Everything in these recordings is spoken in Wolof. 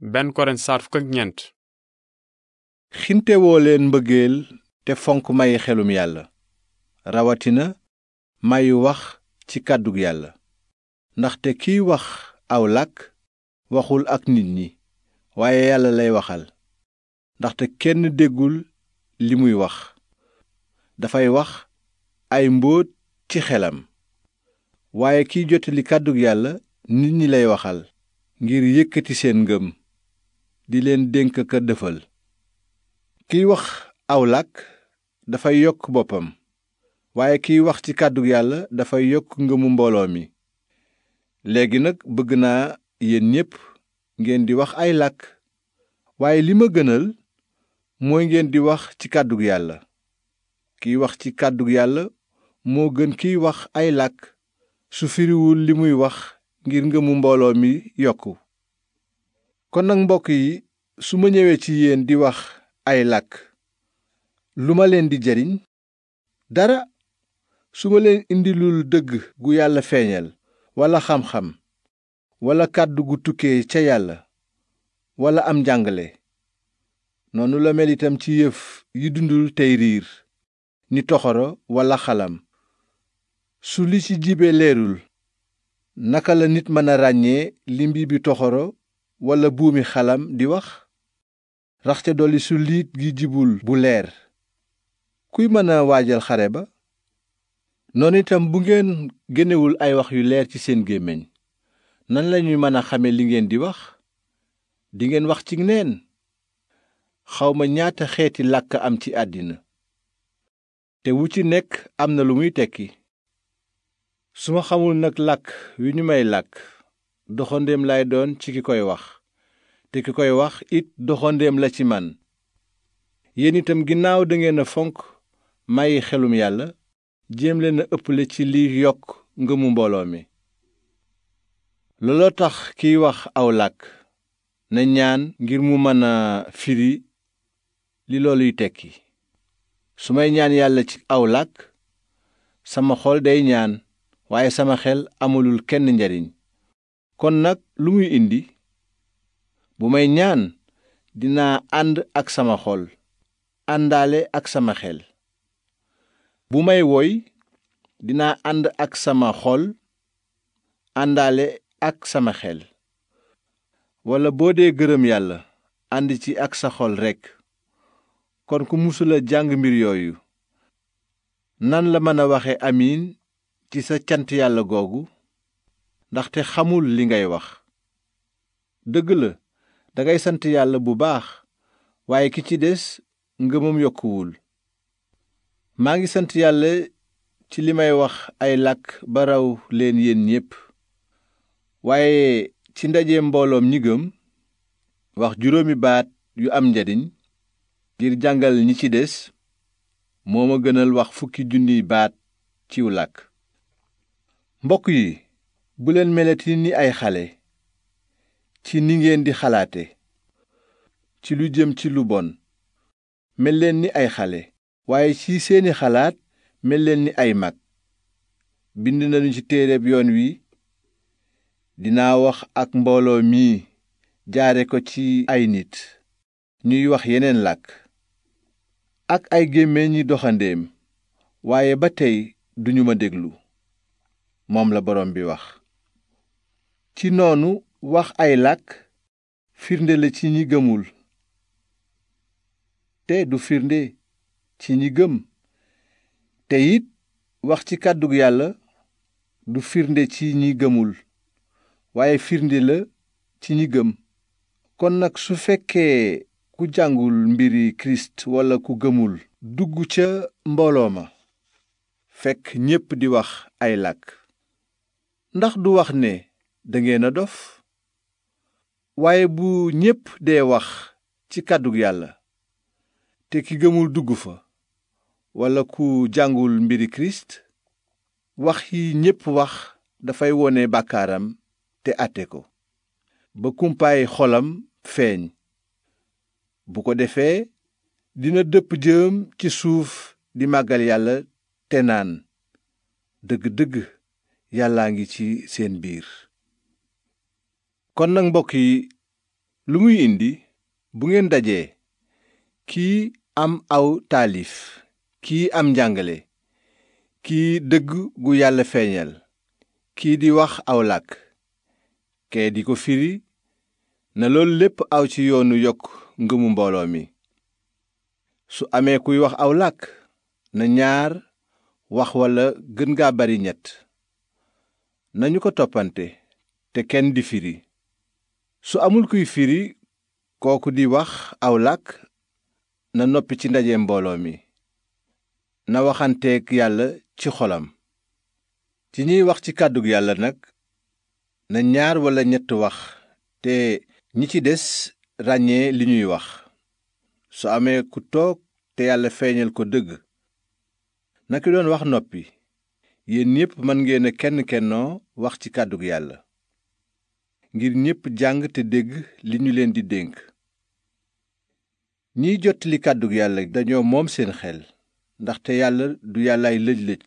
benn Korent saar ak ñeent xintewoo leen mbëggeel te fonk mayi xelum yàlla rawatina mayu wax ci kàddug yàlla ndaxte kiy wax aw làkk waxul ak nit ñi waaye yàlla lay waxal ndaxte kenn déggul li muy wax dafay wax ay mbóot ci xelam waaye kiy jottali kàddug yàlla nit ñi lay waxal ngir yëkkati seen ngëm di leen dénk ka kiy wax aw làkk dafay yokk boppam waaye kiy wax ci kàddu yàlla dafay yokk ngëmu mbooloo mi léegi nag bëgg naa yéen ñépp ngeen di wax ay làkk waaye li ma gënal mooy ngeen di wax ci kàddu yàlla kiy wax ci kàddu yàlla moo gën kiy wax ay làkk su firiwul li muy wax ngir ngëmu mbooloo mi yokku kon nag mbokk yi su ma ñëwee ci yéen di wax ay làkk lu ma leen di jariñ dara su ma leen indilul dëgg gu yàlla feeñal walla xam-xam walla kàddu gu tukkee ca yàlla walla am njàngale noonu la mel itam ci yëf yi dundul tey riir ni toxoro walla xalam su li ci jibee leerul naka la nit mën a ràññee limbi bi toxoro walla buumi xalam di wax raxte dolli su liit gi jibul bu leer kuy mën a waajal xare ba noon itam bu ngeen génnewul ay wax yu leer ci seen gémmiñ nan lañuy mën a xame li ngeen di wax dingeen wax ci neen xawma ñaata xeeti làkk am ci àddina te wu ci nekk am na lu muy tekki su ma xamul nag làkk yu ñu may làkk doxandéem lay doon ci ki koy wax te ki koy wax it doxandéem la ci man yéen itam ginnaaw dangeen a fonk mayi xelum yàlla jéem leen a ëpple ci liy yokk ngëmu mbooloo mi looloo tax kiy wax aw làkk na ñaan ngir mu mën a firi li looluy tekki su may ñaan yàlla ci aw làkk sama xol day ñaan waaye sama xel amalul kenn njariñ kon nag lu muy indi bu may ñaan dinaa ànd ak sama xol àndaale ak sama xel bu may woy dinaa ànd ak sama xol àndaale ak sama xel walla boo dee gërëm yàlla ànd ci ak sa xol rekk kon ku musula jàng mbir yooyu nan la mën a waxe amiin ci sa cant yàlla googu ndaxte xamul li ngay wax dëgg la dangay sant yàlla bu baax waaye ki ci des ngëmam yokkuwul maa ngi sant yàlla ci li may wax ay làkk ba raw leen yéen ñépp waaye ci ndaje mbooloom ñi gëm wax juróomi baat yu am njariñ ngir jàngal ñi ci des moo ma gënal wax fukki junniy baat ciw làkk mbokk yi buleen leen meleti ni ay xale ci ni ngeen di xalaate ci lu jëm ci lu bon mel leen ni ay xale waaye ci seeni xalaat mel leen ni ay mag bind nañu ci téereb yoon wi dinaa wax ak mbooloo mii jaare ko ci ay nit ñuy wax yeneen làkk ak ay gémmiñ ñi doxandeem waaye ba tey duñu ma déglu moom la borom bi wax ci noonu wax ay làkk firnde la ci ñi gëmul te du firnde ci ñi gëm te wax ci kàddug yàlla du firnde ci ñi gëmul waaye firnde la ci ñi gëm kon nag su fekkee ku jàngul mbiri kirist walla ku gëmul dugg ca mbooloo ma fekk ñépp di wax ay làkk ndax du wax ne dangeen a dof waaye bu ñépp dee wax ci kàddug yàlla te ki gëmul dugg fa walla ku jàngul mbiri kirist wax yi ñépp wax dafay wone bakkaaram te àtte ko ba kumpaay xolam feeñ bu ko defee dina dëpp jëm ci suuf di màggal yàlla te naan dëgg-dëgg yàllaa ngi ci seen biir kon nag mbokk yi lu muy indi bu ngeen dajee kii am aw taalif kii am njàngale kii dëgg gu yàlla feeñal kii di wax aw làkk kee di ko firi na loolu lépp aw ci yoonu yokk ngëmu mbooloo mi su amee kuy wax aw làkk na ñaar wax walla gën gaa bari ñett nañu ko toppante te kenn di firi su amul kuy firi kooku di wax aw làkk na noppi ci ndaje mbooloo mi na waxanteeg yàlla ci xolam ci ñiy wax ci kàddug yàlla nag na ñaar walla ñett wax te ñi ci des ràññee li ñuy wax su amee ku toog te yàlla feeñal ko dëgg na ki doon wax noppi yéen ñépp mën ngeen kenn kennoo wax ci kàddug yàlla ngir ñépp jàng te dégg li ñu leen di dénk ñiy li kàddug yàlla dañoo moom seen xel ndaxte yàlla du yàllaay lëj-lëj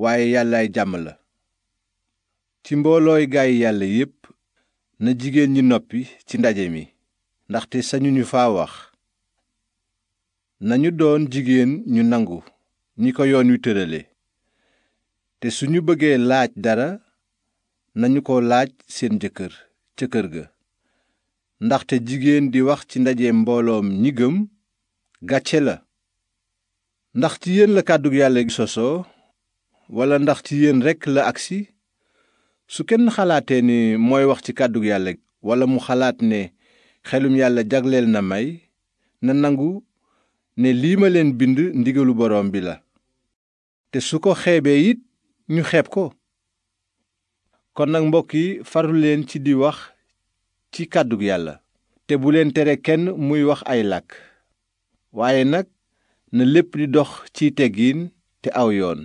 waaye yàllaay jàmm la ci mboolooy gaay yàlla yépp na jigéen ñi noppi ci ndaje mi ndaxte sañuñu faa wax nañu doon jigéen ñu nangu ñi ko yoon wi tërale te suñu bëggee laaj dara nañu ko laaj seen jëkkër ca kër ga ndaxte jigéen di wax ci ndaje mbooloom ñi gëm gàcce la ndax ci yéen la kàddug yàlla gi sosoo walla ndax ci yéen rekk la agsi su kenn xalaatee ni mooy wax ci kàddug yàlla gi walla mu xalaat ne xelum yàlla jagleel na may na nangu ne lii ma leen bind ndigalu boroom bi la te su ko xeebee it ñu xeeb ko kon nag mbokk yi farlu ci di wax ci kàddu yàlla te bu leen tere kenn muy wax ay làkk waaye nag na lépp di dox ci teggin te aw yoon